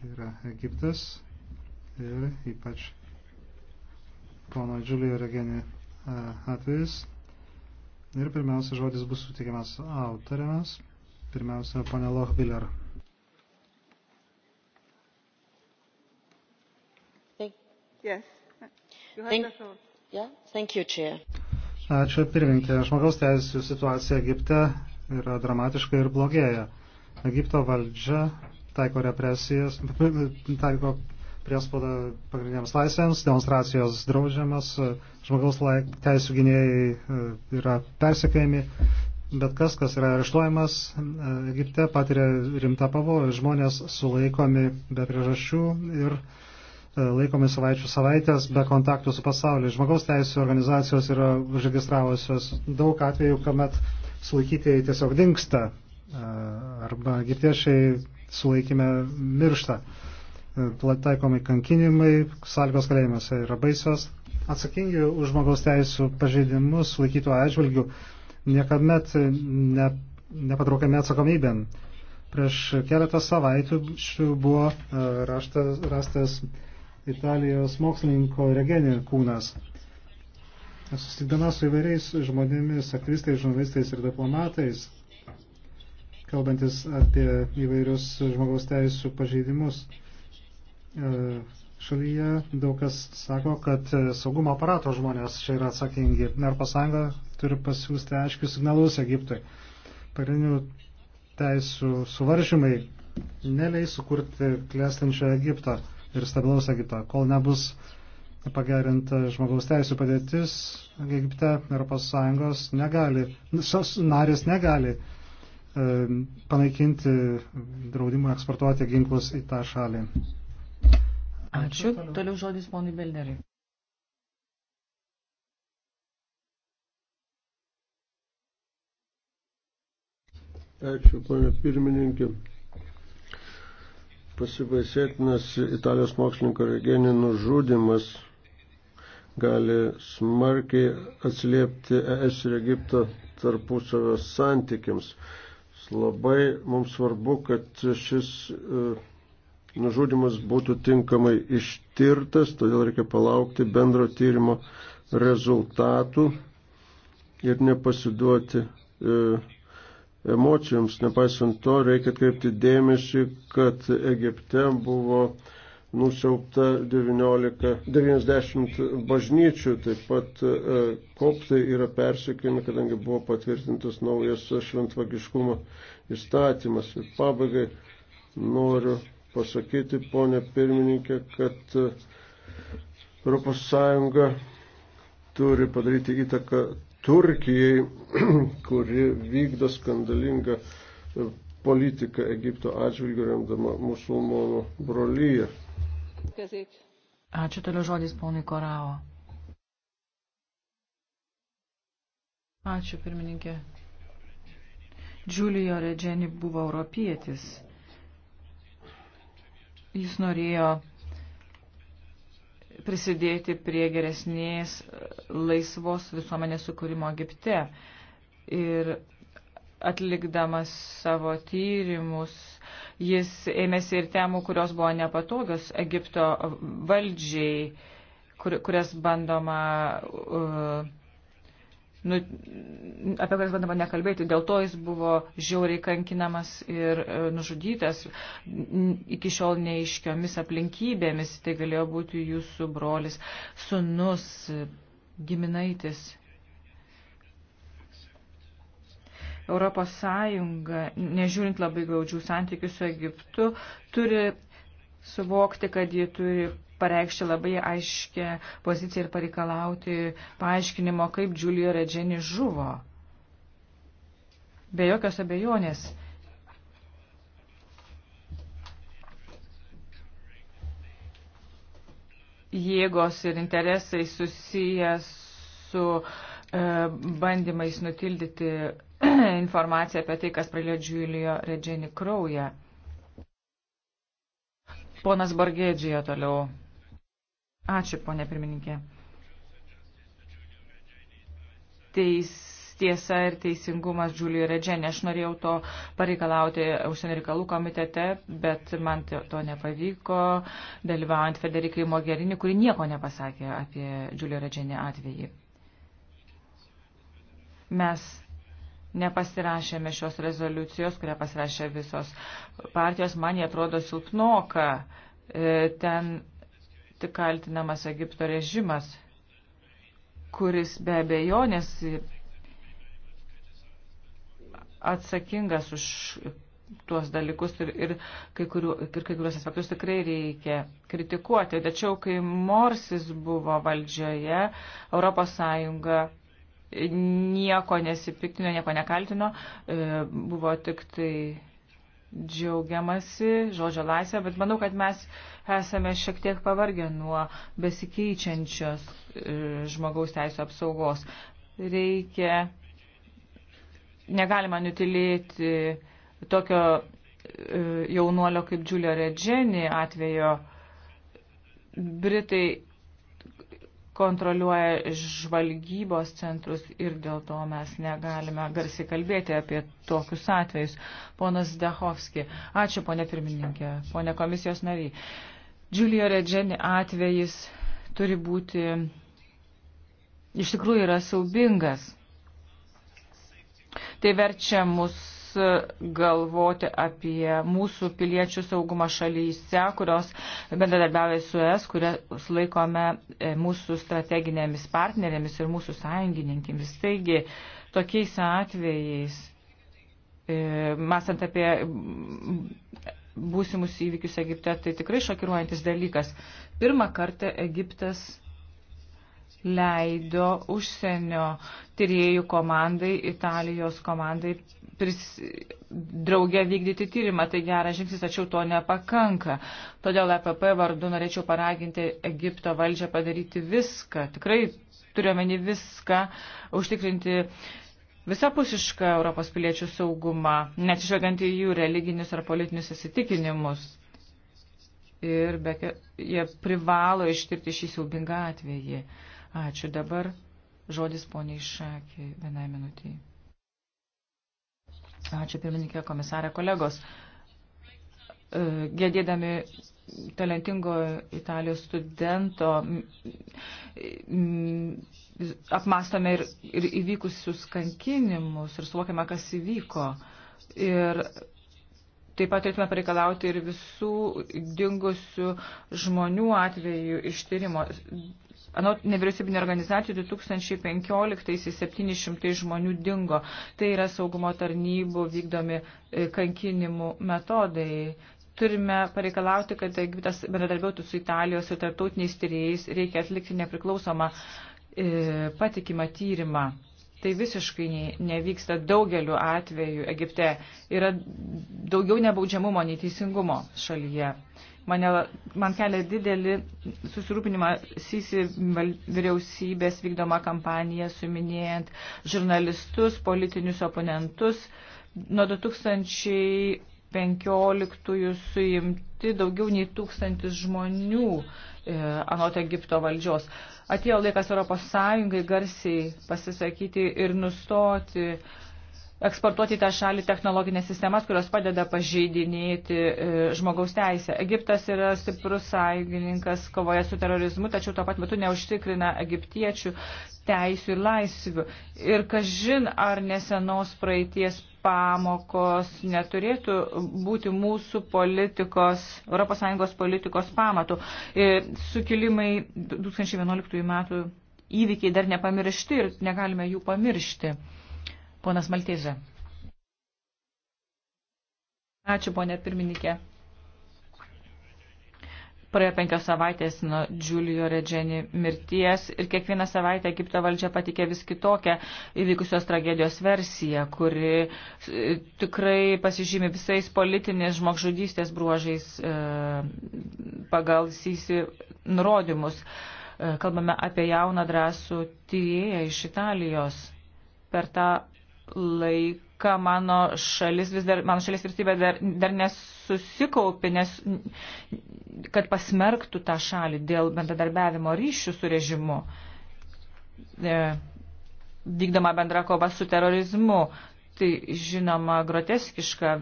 tai yra Egiptas ir ypač pono Džiulio Regeni atvejis. Ir pirmiausia žodis bus sutikiamas autoriams. Pirmiausia, ponė Lochbiller. Yes. Thank, yeah, thank you, Chair. Ačiū pirmininkė. Žmogaus teisų situacija Egipte yra dramatiška ir blogėja. Egipto valdžia taiko represijas, taiko priespaudą pagrindiniams laisvėms, demonstracijos draudžiamas, žmogaus laik, teisų gynėjai e, yra persekėjami, bet kas, kas yra areštuojamas, e, Egipte patiria rimtą pavojų, žmonės sulaikomi be priežasčių ir e, laikomi savaičių savaitės be kontaktų su pasauliu. Žmogaus teisų organizacijos yra užregistravusios daug atvejų, kuomet sulaikytieji tiesiog dinksta arba egiptiešiai sulaikime miršta. E, taikomi kankinimai, sąlygos kalėjimuose yra baisios. Atsakingi už žmogaus teisų pažeidimus laikytų atžvilgių niekamet ne, nepatraukiami atsakomybėn. Prieš keletą savaitų buvo e, raštas, rastas Italijos mokslininko Regeni kūnas. Susitikdama su įvairiais žmonėmis, aktyvistais, žurnalistais ir diplomatais, kalbantis apie įvairius žmogaus teisų pažeidimus. E, šalyje daug kas sako, kad e, saugumo aparato žmonės čia yra atsakingi. Europos Sąjunga turi pasiūsti aiškius signalus Egiptui. Pagrindinių teisų suvaržymai neleis sukurti klestinčio Egipto ir stabilaus Egipto, kol nebus pagerinta žmogaus teisų padėtis Egipte, Europos Sąjungos negali, narės negali E, panaikinti draudimą eksportuoti ginklus į tą šalį. Ačiū. Toliau, Toliau žodis ponui Belderiui. Ačiū, ponė pirmininkė. Pasibaisėtinas Italijos mokslininko Regenį nužudimas gali smarkiai atsiliepti ES ir Egipto tarpusavio santykiams. Labai mums svarbu, kad šis e, nužudimas būtų tinkamai ištirtas, todėl reikia palaukti bendro tyrimo rezultatų ir nepasiduoti e, emocijoms. Nepaisant to, reikia atkreipti dėmesį, kad Egipte buvo nusiaupta 19, 90 bažnyčių, taip pat e, koptai yra persikėjami, kadangi buvo patvirtintas naujas šventvagiškumo įstatymas. Ir pabaigai noriu pasakyti, ponė pirmininkė, kad ES turi padaryti įtaką Turkijai, kuri vykdo skandalingą e, politiką Egipto atžvilgių remdama musulmonų brolyje következik. Ačiū toliau žodis ponui Korao. Ačiū pirmininkė. Giulio Regeni buvo europietis. Jis norėjo prisidėti prie geresnės laisvos visuomenės sukūrimo Egipte. Ir atlikdamas savo tyrimus, jis ėmėsi ir temų, kurios buvo nepatogios Egipto valdžiai, kur, kurias bandoma. Uh, Nu, apie kurias bandama nekalbėti. Dėl to jis buvo žiauriai kankinamas ir e, nužudytas iki šiol neiškiomis aplinkybėmis. Tai galėjo būti jūsų brolis, sunus, giminaitis. Europos Sąjunga, nežiūrint labai glaudžių santykių su Egiptu, turi suvokti, kad ji turi pareikšti labai aiškę poziciją ir pareikalauti paaiškinimo, kaip Giulio Redženi žuvo. Be jokios abejonės. Jėgos ir interesai susijęs su e, bandymais nutildyti išsame informaciją apie tai, kas pralėjo Džiulio Redženi kraują. Ponas Bargėdžija toliau. Ačiū, ponė pirmininkė. Teis, tiesa ir teisingumas Džiulio Redženi. Aš norėjau to pareikalauti užsienio reikalų komitete, bet man to nepavyko, dalyvaujant Federikai Mogerini, kuri nieko nepasakė apie Džiulio Redženi atvejį. Mes nepasirašėme šios rezoliucijos, kurią pasirašė visos partijos, man jie atrodo silpnoka. E, ten tik kaltinamas Egipto režimas, kuris be abejonės atsakingas už tuos dalykus ir, ir, kai, kurių, ir kai kuriuos aspektus tikrai reikia kritikuoti. Tačiau, kai Morsis buvo valdžioje, ES nieko nesipiktino, nieko nekaltino, e, buvo tik tai džiaugiamasi žodžio laisvę, bet manau, kad mes esame šiek tiek pavargę nuo besikeičiančios e, žmogaus teisų apsaugos. Reikia, negalima nutilėti tokio e, jaunuolio kaip Džiulio Redženi atvejo. Britai kontroliuoja žvalgybos centrus ir dėl to mes negalime garsiai kalbėti apie tokius atvejus. Ponas Dehovski, ačiū ponė pirmininkė, ponė komisijos nariai. Giulio Redženi atvejis turi būti, iš tikrųjų yra saubingas. Tai verčia mus galvoti apie mūsų piliečių saugumą šalyse, kurios bendradarbiauja su es, kurias laikome e, mūsų strateginėmis partnerėmis ir mūsų sąjungininkėmis. Taigi, tokiais atvejais, e, mąstant apie būsimus įvykius Egipte, tai tikrai šokiruojantis dalykas. Pirmą kartą Egiptas leido užsienio tyriejų komandai, Italijos komandai pris, draugę vykdyti tyrimą. Tai geras žingsnis, tačiau to nepakanka. Todėl EPP vardu norėčiau paraginti Egipto valdžią padaryti viską, tikrai turiuomenį viską, užtikrinti visapusišką Europos piliečių saugumą, neatsižvelgiant į jų religinius ar politinius įsitikinimus. Ir be, jie privalo ištirti šį siaubingą atvejį. Ačiū. Dabar žodis poniai Šakė vienai minutiai. Ačiū pirmininkė komisarė kolegos. E, Gėdėdami talentingo Italijos studento apmastome ir, ir įvykusius kankinimus ir suvokiame, kas įvyko. Ir Taip pat turėtume pareikalauti ir visų dingusių žmonių atvejų ištyrimo. Anot nevyriausybinio organizacijų 2015 700 žmonių dingo. Tai yra saugumo tarnybų vykdomi e, kankinimų metodai turime pareikalauti, kad Egiptas bendradarbiautų su Italijos ir tarptautiniais tyrėjais, reikia atlikti nepriklausomą e, patikimą tyrimą. Tai visiškai nevyksta daugeliu atveju Egipte. Yra daugiau nebaudžiamumo nei teisingumo šalyje. Mane, man kelia didelį susirūpinimą Sisi vyriausybės vykdoma kampanija, suminėjant žurnalistus, politinius oponentus. Nuo 2015 suimti daugiau nei tūkstantis žmonių E, anot Egipto valdžios. Atėjo laikas Europos Sąjungai garsiai pasisakyti ir nustoti eksportuoti į tą šalį technologinės sistemas, kurios padeda pažeidinėti e, žmogaus teisę. Egiptas yra stiprus sąjungininkas kovoje su terorizmu, tačiau tuo pat metu neužtikrina egiptiečių teisų ir laisvių. Ir kažin, ar nesenos praeities pamokos neturėtų būti mūsų politikos, ES politikos pamatų. Sukilimai 2011 metų įvykiai dar nepamiršti ir negalime jų pamiršti. Ponas Maltėze. Ačiū, ponė pirmininkė. Praėjo penkios savaitės nuo Giulio Regeni mirties ir kiekvieną savaitę Egipto valdžia patikė vis kitokią įvykusios tragedijos versiją, kuri e, tikrai pasižymi visais politinės žmogžudystės bruožais e, pagal Sisi nurodymus. E, kalbame apie jauną drąsų tyrėją iš Italijos. Per tą laiką ką mano šalis vis dar, mano šalis vyriausybė dar, dar nesusikaupė, nes, kad pasmerktų tą šalį dėl bendradarbiavimo ryšių su režimu, e, vykdama bendra kova su terorizmu. Tai žinoma groteskiška,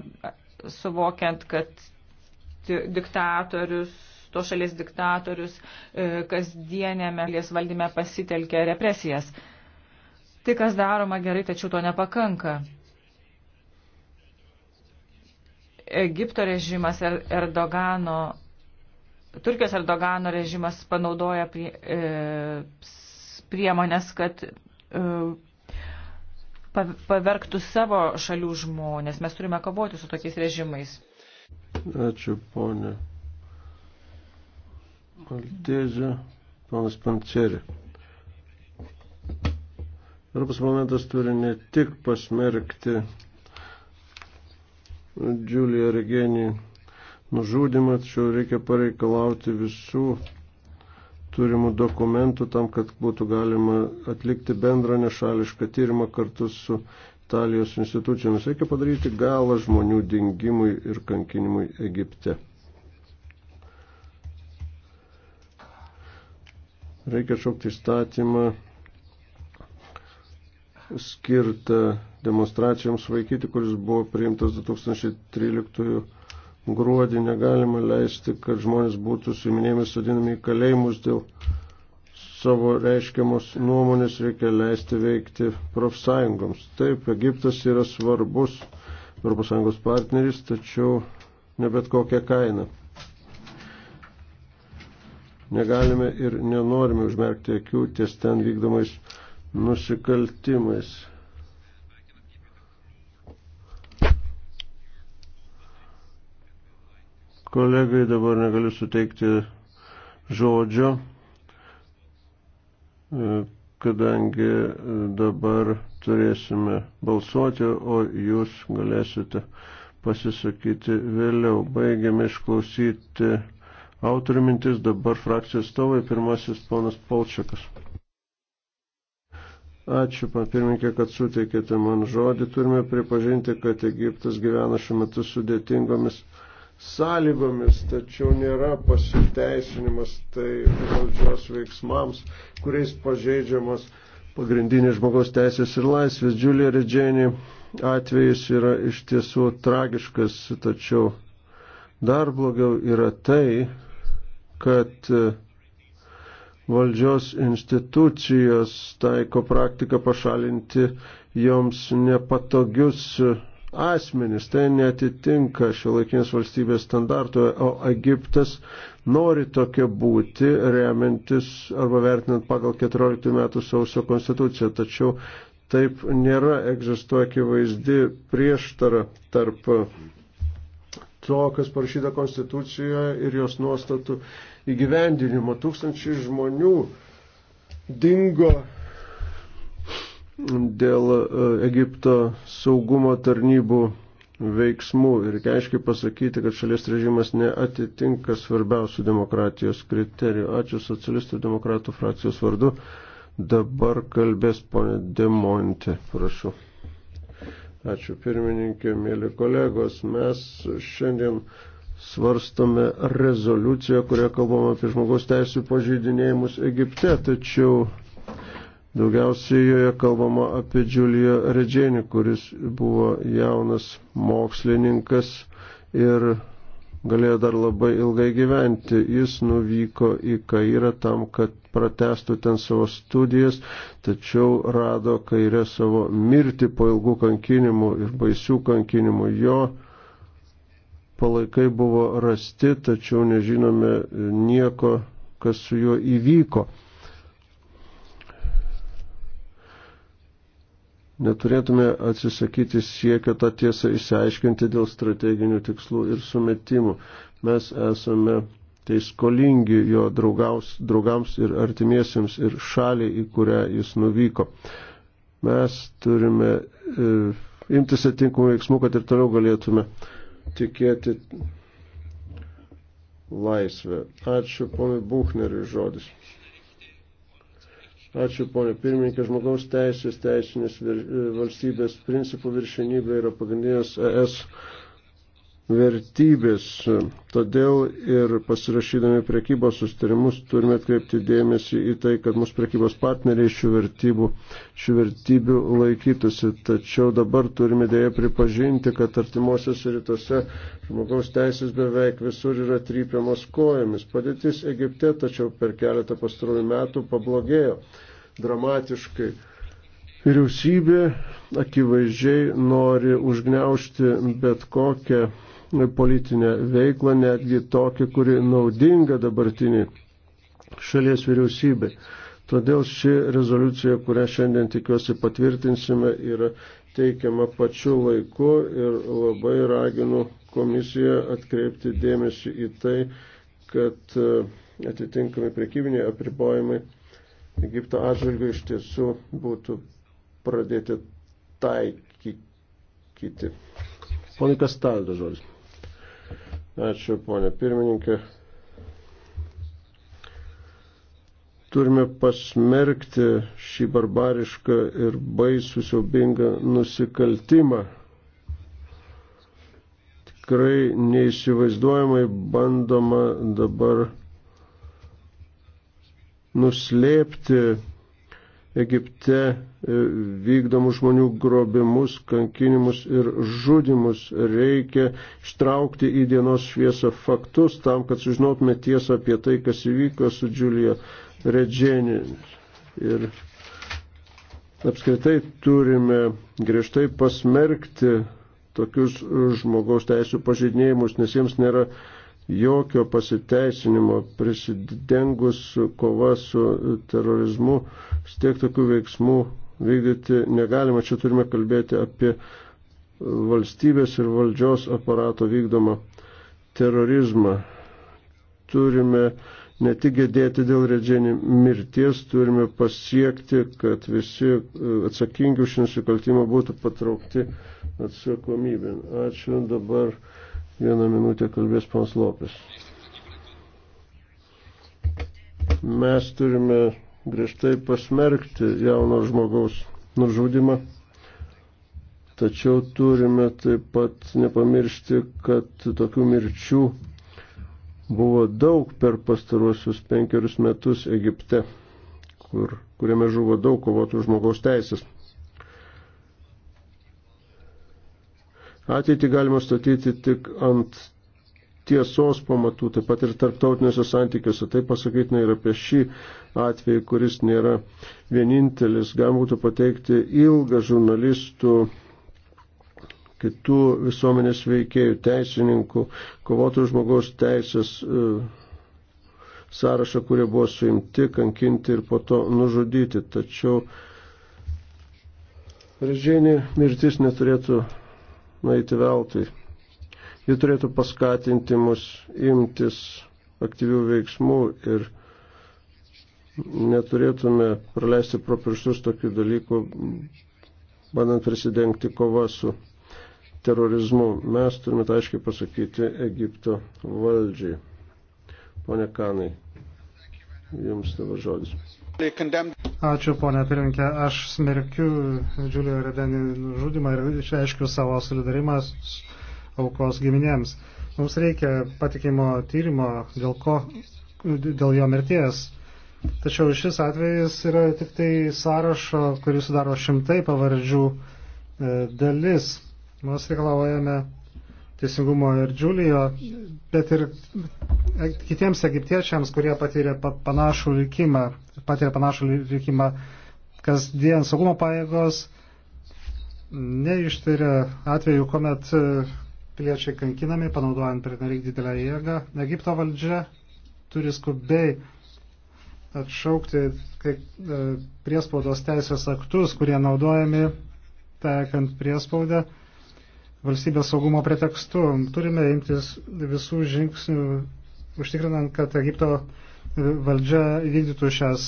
suvokiant, kad diktatorius to šalies diktatorius e, kasdienėme šalies valdyme pasitelkė represijas. Tai, kas daroma gerai, tačiau to nepakanka. Egipto režimas ir er- Erdogano, Turkijos Erdogano režimas panaudoja prie, e, priemonės, kad e, pavergtų savo šalių žmonės. Mes turime kovoti su tokiais režimais. Ačiū, ponė. Maltėzė, ponas Panceri. Europos momentas turi ne tik pasmerkti Džiulija Regenį nužudymą, tačiau reikia pareikalauti visų turimų dokumentų tam, kad būtų galima atlikti bendrą nešališką tyrimą kartu su Italijos institucijomis. Reikia padaryti galą žmonių dingimui ir kankinimui Egipte. Reikia šaukti įstatymą skirtą demonstracijoms vaikyti, kuris buvo priimtas 2013 gruodį. Negalima leisti, kad žmonės būtų suiminėjami sodinami į kalėjimus dėl savo reiškiamos nuomonės reikia leisti veikti profsąjungoms. Taip, Egiptas yra svarbus ES partneris, tačiau ne bet kokią kainą. Negalime ir nenorime užmerkti akių ties ten vykdomais nusikaltimais. Kolegai dabar negaliu suteikti žodžio, e, kadangi e, dabar turėsime balsuoti, o jūs galėsite pasisakyti vėliau. Baigiame išklausyti autorių mintis, dabar frakcijos stovai, pirmasis ponas Polčiakas. Ačiū, papirminkė, kad suteikėte man žodį. Turime pripažinti, kad Egiptas gyvena šiuo metu sudėtingomis sąlygomis, tačiau nėra pasiteisinimas tai valdžios veiksmams, kuriais pažeidžiamas pagrindinės žmogaus teisės ir laisvės. Julia Redženi atvejis yra iš tiesų tragiškas, tačiau dar blogiau yra tai, kad e, valdžios institucijos taiko praktiką pašalinti joms nepatogius asmenys. Tai netitinka šiuolaikinės valstybės standarto, o Egiptas nori tokia būti, remiantis arba vertinant pagal 14 metų sausio konstituciją. Tačiau taip nėra, egzistuoja akivaizdi prieštara tarp to, kas parašyta konstitucijoje ir jos nuostatų įgyvendinimo. Tūkstančiai žmonių dingo dėl e, Egipto saugumo tarnybų veiksmų ir aiškiai pasakyti, kad šalies režimas neatitinka svarbiausių demokratijos kriterijų. Ačiū socialistų ir demokratų frakcijos vardu. Dabar kalbės ponė Demonte, prašau. Ačiū pirmininkė, mėly kolegos. Mes šiandien svarstome rezoliuciją, kurioje kalbama apie žmogaus teisų pažeidinėjimus Egipte, tačiau Daugiausiai joje kalbama apie Džiulio Redženį, kuris buvo jaunas mokslininkas ir galėjo dar labai ilgai gyventi. Jis nuvyko į Kairą tam, kad pratestų ten savo studijas, tačiau rado Kairę savo mirtį po ilgų kankinimų ir baisių kankinimų. Jo palaikai buvo rasti, tačiau nežinome nieko, kas su juo įvyko. Neturėtume atsisakyti siekio tą tiesą išsiaiškinti dėl strateginių tikslų ir sumetimų. Mes esame tai skolingi jo draugaus, draugams ir artimiesiems ir šaliai, į kurią jis nuvyko. Mes turime e, imtis atinkamų veiksmų, kad ir toliau galėtume tikėti laisvę. Ačiū ponui Buchneriui žodis. Ačiū, ponė pirmininkė. Žmogaus teisės, teisinės e, valstybės principų viršenybė yra pagrindinės ES vertybės. Todėl ir pasirašydami prekybos sustarimus turime atkreipti dėmesį į tai, kad mūsų prekybos partneriai šių vertybių, šių vertybių laikytųsi. Tačiau dabar turime dėja pripažinti, kad artimuosiuose rytuose žmogaus teisės beveik visur yra trypiamos kojomis. Padėtis Egipte tačiau per keletą pastarųjų metų pablogėjo dramatiškai. Vyriausybė akivaizdžiai nori užgneušti bet kokią politinę veiklą, netgi tokią, kuri naudinga dabartiniai šalies vyriausybei. Todėl ši rezoliucija, kurią šiandien tikiuosi patvirtinsime, yra teikiama pačiu laiku ir labai raginu komisiją atkreipti dėmesį į tai, kad e, atitinkami prekybiniai apribojimai Egipto atžvilgių iš tiesų būtų pradėti taikyti. Ponikas Staldo žodis. Ačiū, ponė pirmininkė. Turime pasmerkti šį barbarišką ir baisų siaubingą nusikaltimą. Tikrai neįsivaizduojamai bandoma dabar nuslėpti Egipte e, vykdomus žmonių grobimus, kankinimus ir žudimus. Reikia ištraukti į dienos šviesą faktus tam, kad sužinotume tiesą apie tai, kas įvyko su Džiulija Redženė. Ir apskritai turime griežtai pasmerkti tokius žmogaus teisų pažeidinėjimus, nes jiems nėra jokio pasiteisinimo prisidengus kova su terorizmu, tiek tokių veiksmų vykdyti negalima. Čia turime kalbėti apie valstybės ir valdžios aparato vykdomą terorizmą. Turime ne tik gėdėti dėl redženį mirties, turime pasiekti, kad visi e, atsakingi už nusikaltimą būtų patraukti atsakomybėn. Ačiū dabar. Vieną minutę kalbės pans Lopis. Mes turime griežtai pasmerkti jauno žmogaus nužudimą, tačiau turime taip pat nepamiršti, kad tokių mirčių buvo daug per pastaruosius penkerius metus Egipte, kur, kuriame žuvo daug kovotų žmogaus teisės. Ateitį galima statyti tik ant tiesos pamatų, taip pat ir tarptautiniuose santykiuose. Tai pasakytina ir apie šį atvejį, kuris nėra vienintelis. Galima būtų pateikti ilgą žurnalistų, kitų visuomenės veikėjų, teisininkų, kovotojų žmogaus teisės e, sąrašą, kurie buvo suimti, kankinti ir po to nužudyti. Tačiau Režinė mirtis neturėtų nueiti veltui. Ji turėtų paskatinti mus imtis aktyvių veiksmų ir neturėtume praleisti pro pirštus tokių dalykų, bandant prisidengti kova su terorizmu. Mes turime tai aiškiai pasakyti Egipto valdžiai. Pone Kanai, jums tavo žodis. Ačiū, ponė pirminkė. Aš smerkiu Džiulio Redenį nužudimą ir išreiškiu savo solidarimą aukos giminėms. Mums reikia patikimo tyrimo dėl, ko, dėl jo mirties. Tačiau šis atvejis yra tik tai sąrašo, kurį sudaro šimtai pavardžių e, dalis. Mes reikalavojame teisingumo ir Džiulijo, bet ir kitiems egiptiečiams, kurie patyrė panašų likimą, patyrė panašų likimą kasdien saugumo pajėgos, neištyrė atveju, kuomet e, piliečiai kankinami, panaudojant pernelyg didelę jėgą. Egipto valdžia turi skubiai atšaukti kai, e, priespaudos teisės aktus, kurie naudojami tekant priespaudą valstybės saugumo pretekstu. Turime imtis visų žingsnių, užtikrinant, kad Egipto valdžia vykdytų šias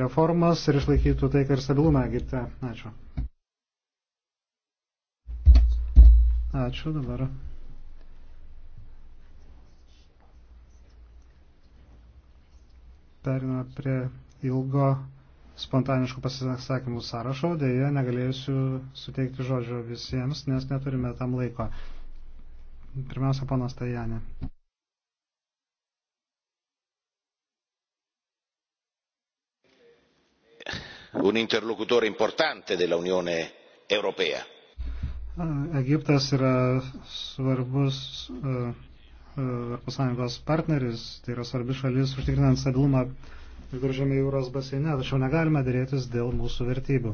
reformas ir išlaikytų taiką ir stabilumą Egipte. Ačiū. Ačiū dabar. Periname prie ilgo spontaniškų pasisakymų sąrašo, dėja negalėsiu suteikti žodžio visiems, nes neturime tam laiko. Pirmiausia, ponas Tajanė. Un interlocutore importante della Unione Europea. Egiptas yra svarbus ES partneris, tai yra svarbi šalis užtikrinant stabilumą viduržėme jūros baseine, tačiau negalime dėrėtis dėl mūsų vertybių.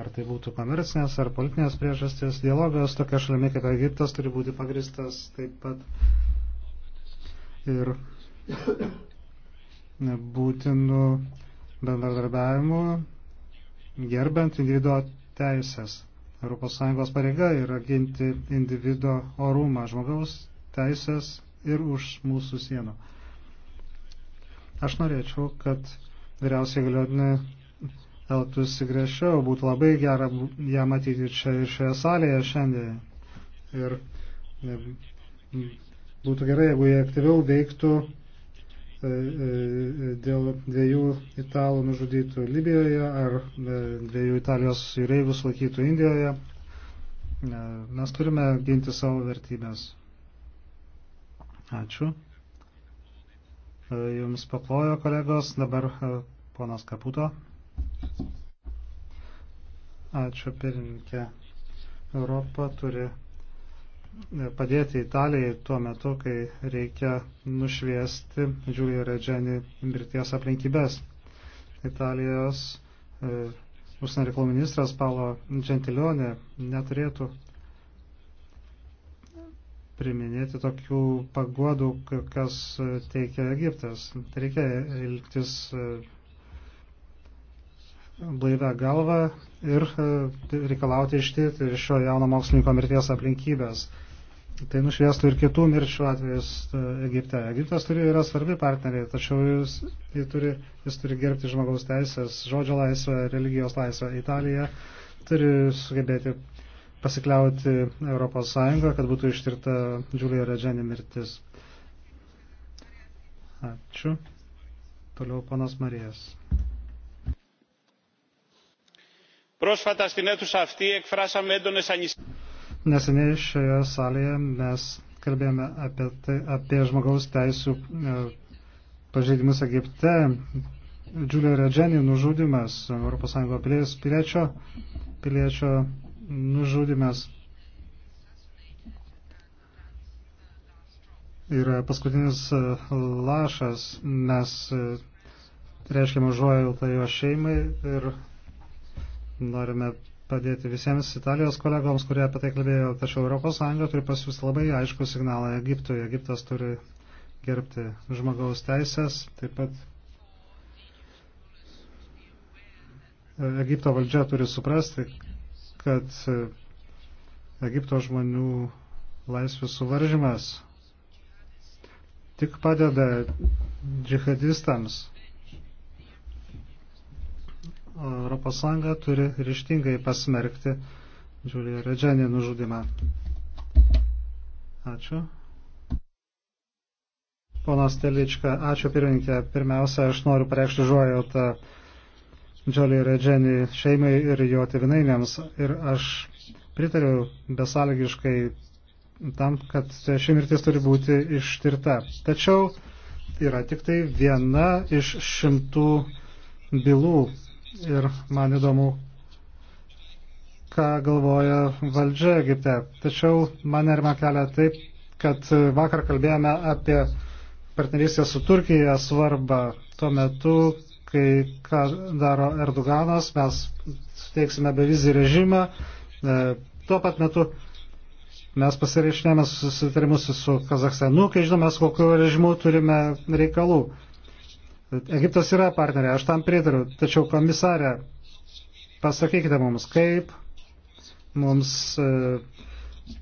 Ar tai būtų komercinės ar politinės priežastys, dialogas tokia šalimi kaip Egiptas turi būti pagristas taip pat ir būtinų bendradarbiavimų, gerbent individuo teisės. ES pareiga yra ginti individuo orumą, žmogaus teisės ir už mūsų sienų. Aš norėčiau, kad vyriausiai galiotinė elgtųsi griežčiau, būtų labai gera ją matyti čia ir šioje salėje šiandien. Ir e, būtų gerai, jeigu jie aktyviau veiktų e, e, dėl dviejų italų nužudytų Libijoje ar dviejų italijos jūreivių sulaikytų Indijoje. Mes turime ginti savo vertybės. Ačiū. E, jums paplojo kolegos, dabar e, ponas Kaputo. Ačiū pirmininkė. Europa turi e, padėti Italijai tuo metu, kai reikia nušviesti Giulio Regeni mirties aplinkybės. Italijos e, užsienio reikalų ministras Paulo Gentilionė neturėtų priminėti tokių paguodų, kas e, teikia Egiptas. Tai reikia elgtis e, blaivę galvą ir e, reikalauti ištirti šio jauno mokslininko mirties aplinkybės. Tai nušviestų ir kitų mirčių atvejus Egipte. Egiptas turi, yra svarbi partneriai, tačiau jis, jis, turi, jis turi gerbti žmogaus teisės, žodžio laisvę, religijos laisvę. Italija turi sugebėti pasikliauti ES, kad būtų ištirta Džiulio Redženė mirtis. Ačiū. Toliau panas Marijas. Πρόσφατα στην αίθουσα αυτή εκφράσαμε έντονες ανησυχίες. Neseniai šioje salėje mes kalbėjome apie, tai, apie žmogaus teisų e, pažeidimus Egipte. Džiulio Redženį nužudimas ES piliečio, piliečio nužudimas yra paskutinis e, lašas. Mes e, reiškiam užuojautą jo šeimai ir norime padėti visiems Italijos kolegoms, kurie apie tai kalbėjo. Tačiau ES turi pasiūsti labai aišku signalą Egiptui. Egiptas turi gerbti žmogaus teisės, taip pat e, Egipto valdžia turi suprasti, kad e, Egipto žmonių laisvės suvaržymas tik padeda džihadistams. Europos Sąjunga turi ryštingai pasmerkti Džiulio Redženį nužudimą. Ačiū. Ponas Telička, ačiū pirmininkė. Pirmiausia, aš noriu pareikšti žuojautą Džolį Redženį šeimai ir jo tevinainiams. Ir aš pritariu besąlygiškai tam, kad ši mirtis turi būti ištirta. Tačiau yra tik tai viena iš šimtų bylų. Ir man įdomu, ką galvoja valdžia Egipte. Tačiau man nerima kelia taip, kad vakar kalbėjome apie partnerystę su Turkija svarbą. Tuo metu kai ką daro Erdoganas, mes suteiksime bevizį režimą. E, tuo pat metu mes pasirašinėme susitarimus su Kazakstanu, kai žinome, su kokiu režimu turime reikalų. Egiptas yra partnerė, aš tam pritariu. Tačiau komisarė, pasakykite mums, kaip mums e,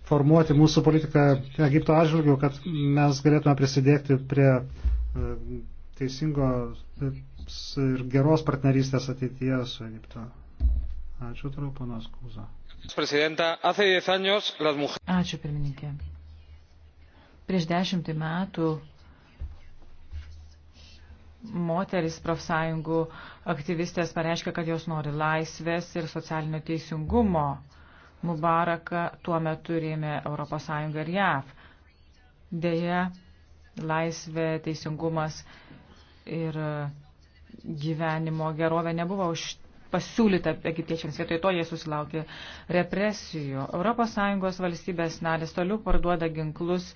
formuoti mūsų politiką Egipto atžvilgių, kad mes galėtume prisidėti prie e, teisingo ir geros partnerystės ateityje su Egiptu. Ačiū toliau, panas Kūza. Ačiū, pirmininkė. Prieš dešimtį metų moteris profsąjungų aktyvistės pareiškė, kad jos nori laisvės ir socialinio teisingumo. Mubaraka tuo metu rėmė ES ir JAV. Deja, laisvė, teisingumas ir gyvenimo gerovė nebuvo už pasiūlyta egiptiečiams, vietoj to jie susilaukė represijų. ES valstybės narės toliau parduoda ginklus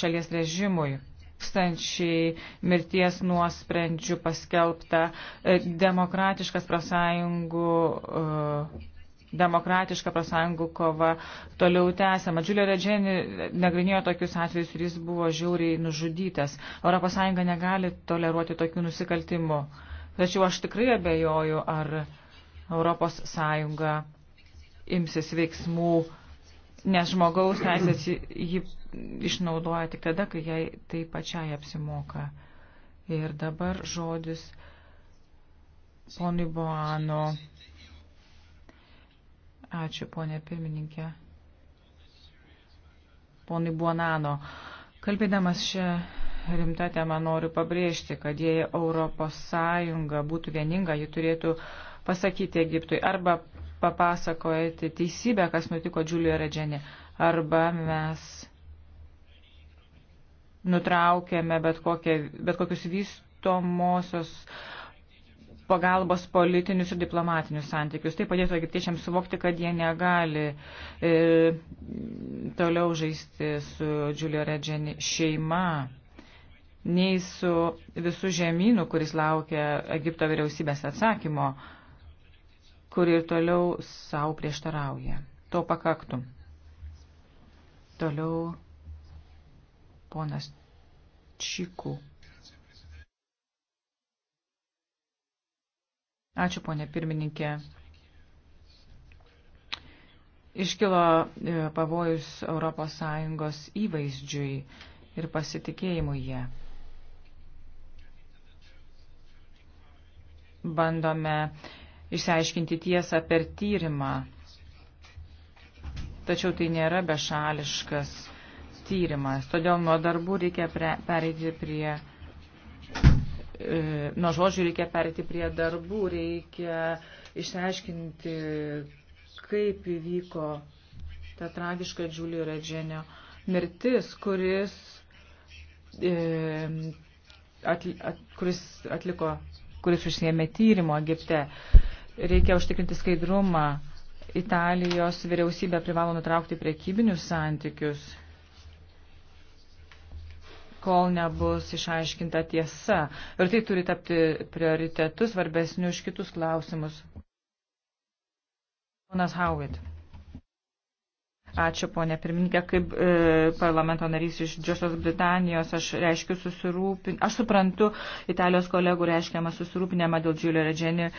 šalies režimui. Tūkstančiai mirties nuosprendžių paskelbta e, demokratiškas profsąjungų uh, e, demokratiška prasangų kova toliau tęsiama. Džiulio Redženi nagrinėjo tokius atvejus ir jis buvo žiauriai nužudytas. ES negali toleruoti tokių nusikaltimų. Tačiau aš tikrai abejoju, ar ES imsis veiksmų, nes žmogaus teisės jį išnaudoja tik tada, kai jai tai pačiai apsimoka. Ir dabar žodis ponui Boano. Ačiū, ponė pirmininkė. Ponai Buonano, kalbėdamas šią rimtą temą noriu pabrėžti, kad jei Europos Sąjunga būtų vieninga, ji turėtų pasakyti Egiptui arba papasakojate teisybę, kas nutiko Džiulio Redženė, arba mes nutraukėme bet, kokie, bet kokius vystomosios uh, pagalbos politinius ir diplomatinius santykius. Tai padėtų egiptiečiams suvokti, kad jie negali e, toliau žaisti su Giulio Redženi šeima, nei su visų žemynų, kuris laukia Egipto vyriausybės atsakymo, kuri ir toliau savo prieštarauja. To pakaktų. Toliau ponas Čikų. Ačiū, ponė pirmininkė. Iškilo e, pavojus ES įvaizdžiui ir pasitikėjimui jie. Bandome išsiaiškinti tiesą per tyrimą, tačiau tai nėra bešališkas tyrimas. Todėl nuo darbų reikia pereiti prie E, nuo žodžių reikia perėti prie darbų, reikia išsiaiškinti, kaip įvyko ta tragiška Džiulio Redženio mirtis, kuris, e, atli, at, kuris atliko, kuris užsiemė tyrimo Egipte. Reikia užtikrinti skaidrumą. Italijos vyriausybė privalo nutraukti prekybinius santykius kol nebus išaiškinta tiesa. Ir tai turi tapti prioritetu svarbesniu už kitus klausimus. Ponas Howitt. Ačiū, ponė pirmininkė. Kaip e, parlamento narys iš Džiosios Britanijos, aš reiškiu susirūpin... Aš suprantu Italijos kolegų reiškiamą susirūpinimą dėl Džiulio Redženį e,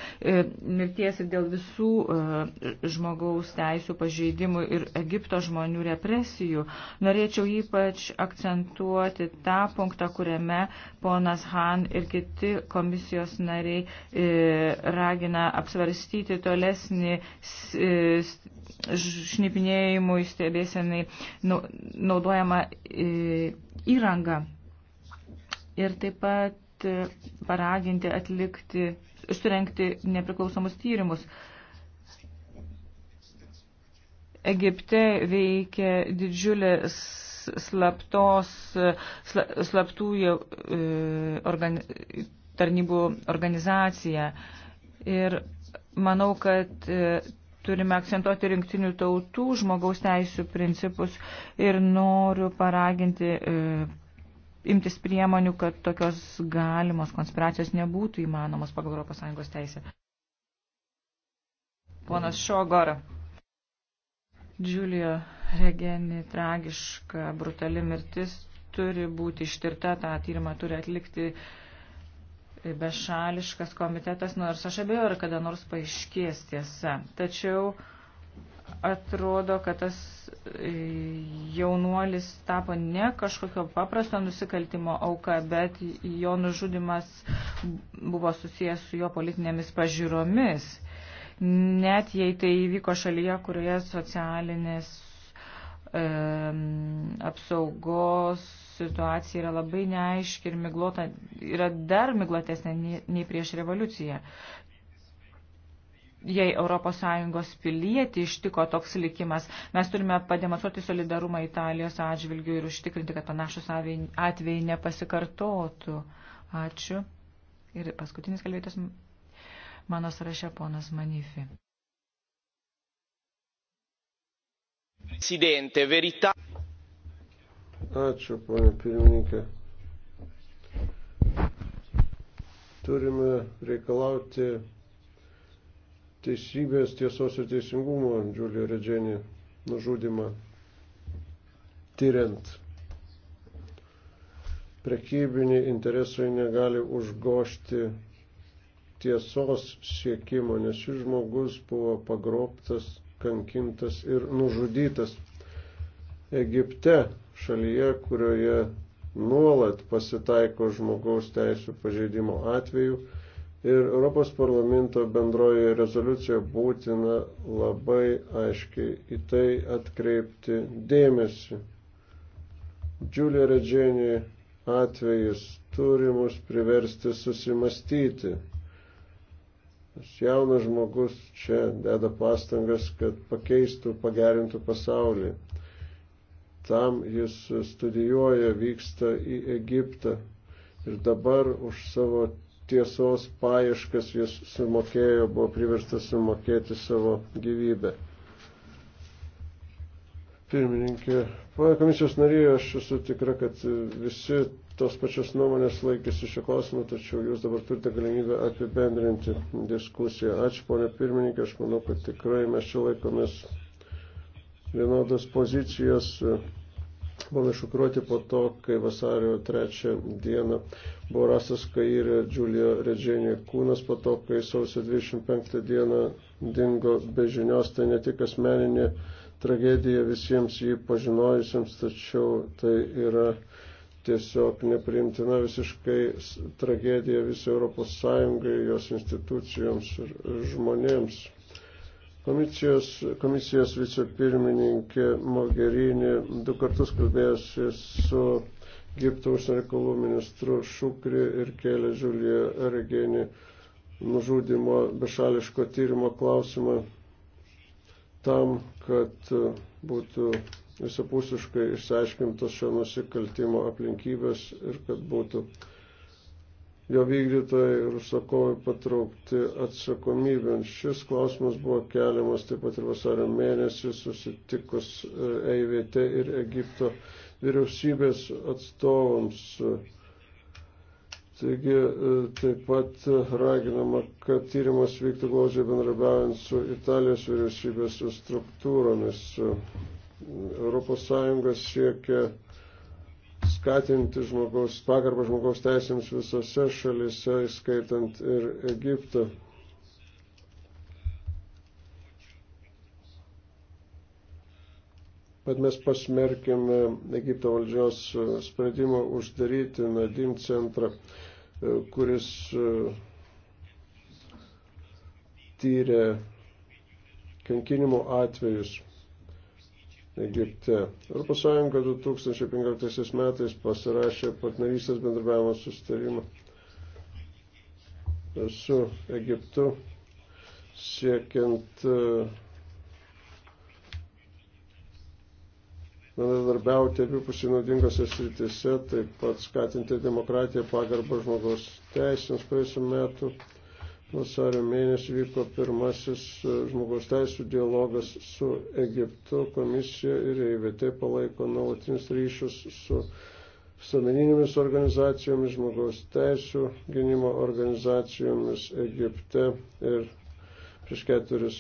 mirties ir dėl visų e, žmogaus teisų pažeidimų ir Egipto žmonių represijų. Norėčiau ypač akcentuoti tą punktą, kuriame ponas Han ir kiti komisijos nariai e, ragina apsvarstyti tolesnį. E, šnipinėjimui stebėsenai naudojama e, įranga. Ir taip pat e, paraginti atlikti, surenkti nepriklausomus tyrimus. Egipte veikia didžiulis slaptos, sla, slaptų e, organ, tarnybų organizacija. Ir manau, kad turime akcentuoti rinktinių tautų žmogaus teisų principus ir noriu paraginti e, imtis priemonių, kad tokios galimos konspiracijos nebūtų įmanomos pagal ES teisę. Ponas Šogora. Džiulio Regeni tragiška, brutali mirtis turi būti ištirta, tą tyrimą turi atlikti uh, Tai bešališkas komitetas, nors aš abejoju, ar kada nors paaiškės tiesa. Tačiau atrodo, kad tas e, jaunuolis tapo ne kažkokio paprasto nusikaltimo auka, bet jo nužudimas buvo susijęs su jo politinėmis pažiūromis. Net jei tai įvyko šalyje, kurioje socialinės apsaugos situacija yra labai neaiški ir miglota, yra dar miglotesnė nei prieš revoliuciją. Jei ES pilietį ištiko toks likimas, mes turime pademonstruoti solidarumą Italijos atžvilgių ir užtikrinti, kad panašus atvejai nepasikartotų. Ačiū. Ir paskutinis kalbėtas mano sąraše ponas Manifi. Presidente, verità. Ačiū, ponė pirmininkė. Turime reikalauti teisybės, tiesos ir teisingumo Džiulio Redženį nužudimą tyriant. Prekybiniai interesai negali užgošti tiesos siekimo, nes šis žmogus buvo pagrobtas kankintas ir nužudytas. Egipte, šalyje, kurioje nuolat pasitaiko žmogaus teisų pažeidimo atveju ir Europos parlamento bendroje rezoliucijoje būtina labai aiškiai į tai atkreipti dėmesį. Džiulio Redženį atvejis turi mus priversti susimastyti. Tas jaunas žmogus čia deda pastangas, kad pakeistų, pagerintų pasaulį. Tam jis studijuoja, vyksta į Egiptą. Ir dabar už savo tiesos paieškas jis sumokėjo, buvo priverstas sumokėti savo gyvybę pirmininkė. Pane komisijos narėje, aš esu tikra, kad visi tos pačios nuomonės laikėsi šio klausimo, tačiau jūs dabar turite galimybę apibendrinti diskusiją. Ačiū, ponė pirmininkė, aš manau, kad tikrai mes čia laikomės vienodas pozicijas. Buvome šukruoti po to, kai vasario trečią dieną buvo rastas Kairė Džiulio Redženė kūnas, po to, kai sausio 25 dieną dingo be žinios, tai ne tik asmeninė tragedija visiems jį pažinojusiems, tačiau tai yra tiesiog neprimtina visiškai tragedija visai Europos Sąjungai, jos institucijoms ir žmonėms. Komisijos, komisijos vicepirmininkė Mogherini du kartus kalbėjosi su Egipto užsienio reikalų ministru Šukri ir kėlė Žiulio Regenį nužudimo bešališko tyrimo klausimą tam, kad e, būtų visapusiškai išsiaiškintos šio nusikaltimo aplinkybės ir kad būtų jo vykdytojai ir užsakovai patraukti atsakomybėn. Šis klausimas buvo keliamas taip pat ir vasario mėnesį susitikus EIVT e ir Egipto vyriausybės atstovams. Taigi e, taip pat raginama, kad tyrimas vyktų glaudžiai bendrabiaujant su Italijos vyriausybės struktūromis. ES siekia skatinti žmogaus, pagarbą žmogaus teisėms visose šalise, skaitant ir Egiptą. bet mes pasmerkėme Egipto valdžios e, sprendimą uždaryti Nadim centrą, e, kuris e, tyrė kankinimo atvejus Egipte. Europos Sąjunga 2015 metais pasirašė partnerystės bendravimo sustarimą su Egiptu siekiant uh, bendradarbiauti abipusiai naudingose sritise, taip pat skatinti demokratiją, pagarbą žmogaus teisėms. Praėjusiu metu vasario mėnesį vyko pirmasis e, žmogaus teisų dialogas su Egiptu. Komisija ir EIVT palaiko nuolatinius ryšius su visuomeninėmis organizacijomis, žmogaus teisų gynimo organizacijomis Egipte ir Prieš keturis,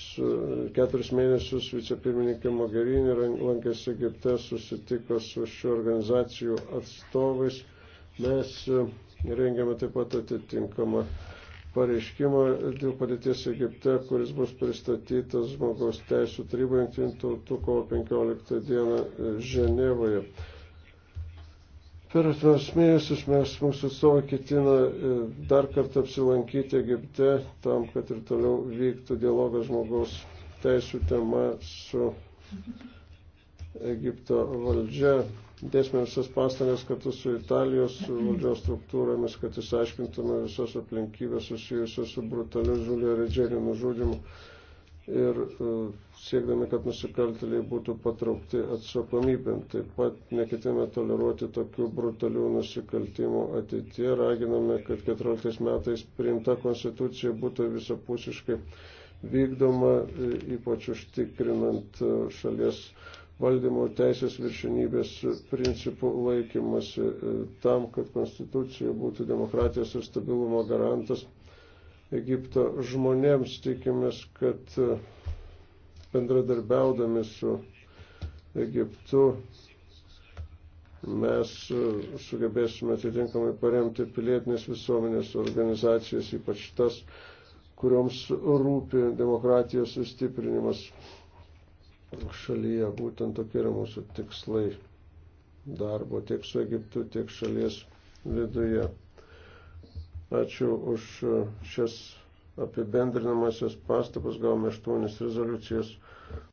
keturis mėnesius vicepirmininkė Mogherini lankėsi Egipte, susitiko su šių organizacijų atstovais. Mes e, rengiame taip pat atitinkamą pareiškimą dėl padėties Egipte, kuris bus pristatytas žmogaus teisų taryboje jungtinių tautų kovo 15 dieną e, Ženevoje. Per atviros mėnesius mes mūsų atstovai ketina e, dar kartą apsilankyti Egipte tam, kad ir toliau vyktų dialogas žmogaus teisų tema su Egipto valdžia. Dėsime visas pastangas kartu su Italijos valdžios struktūromis, kad išsiaiškintume visas aplinkybės susijusios su brutaliu Žulio Redžerio nužudimu ir e, siekdami, kad nusikaltėliai būtų patraukti atsakomybėn. Taip pat neketėme toleruoti tokių brutalių nusikaltimų ateitie. Raginame, kad 14 metais priimta konstitucija būtų visapusiškai vykdoma, e, ypač užtikrinant e, šalies valdymo teisės viršinybės principų laikymasi tam, kad konstitucija būtų demokratijos ir stabilumo garantas Egipto žmonėms. Tikimės, kad e, bendradarbiaudami su Egiptu mes e, sugebėsime atitinkamai paremti pilietinės visuomenės organizacijas, ypač tas, kurioms rūpi demokratijos sustiprinimas šalyje. Būtent tokie yra mūsų tikslai darbo tiek su Egiptu, tiek šalies viduje. Ačiū už šias apibendrinamasias pastabas, gavome aštuonis rezoliucijas.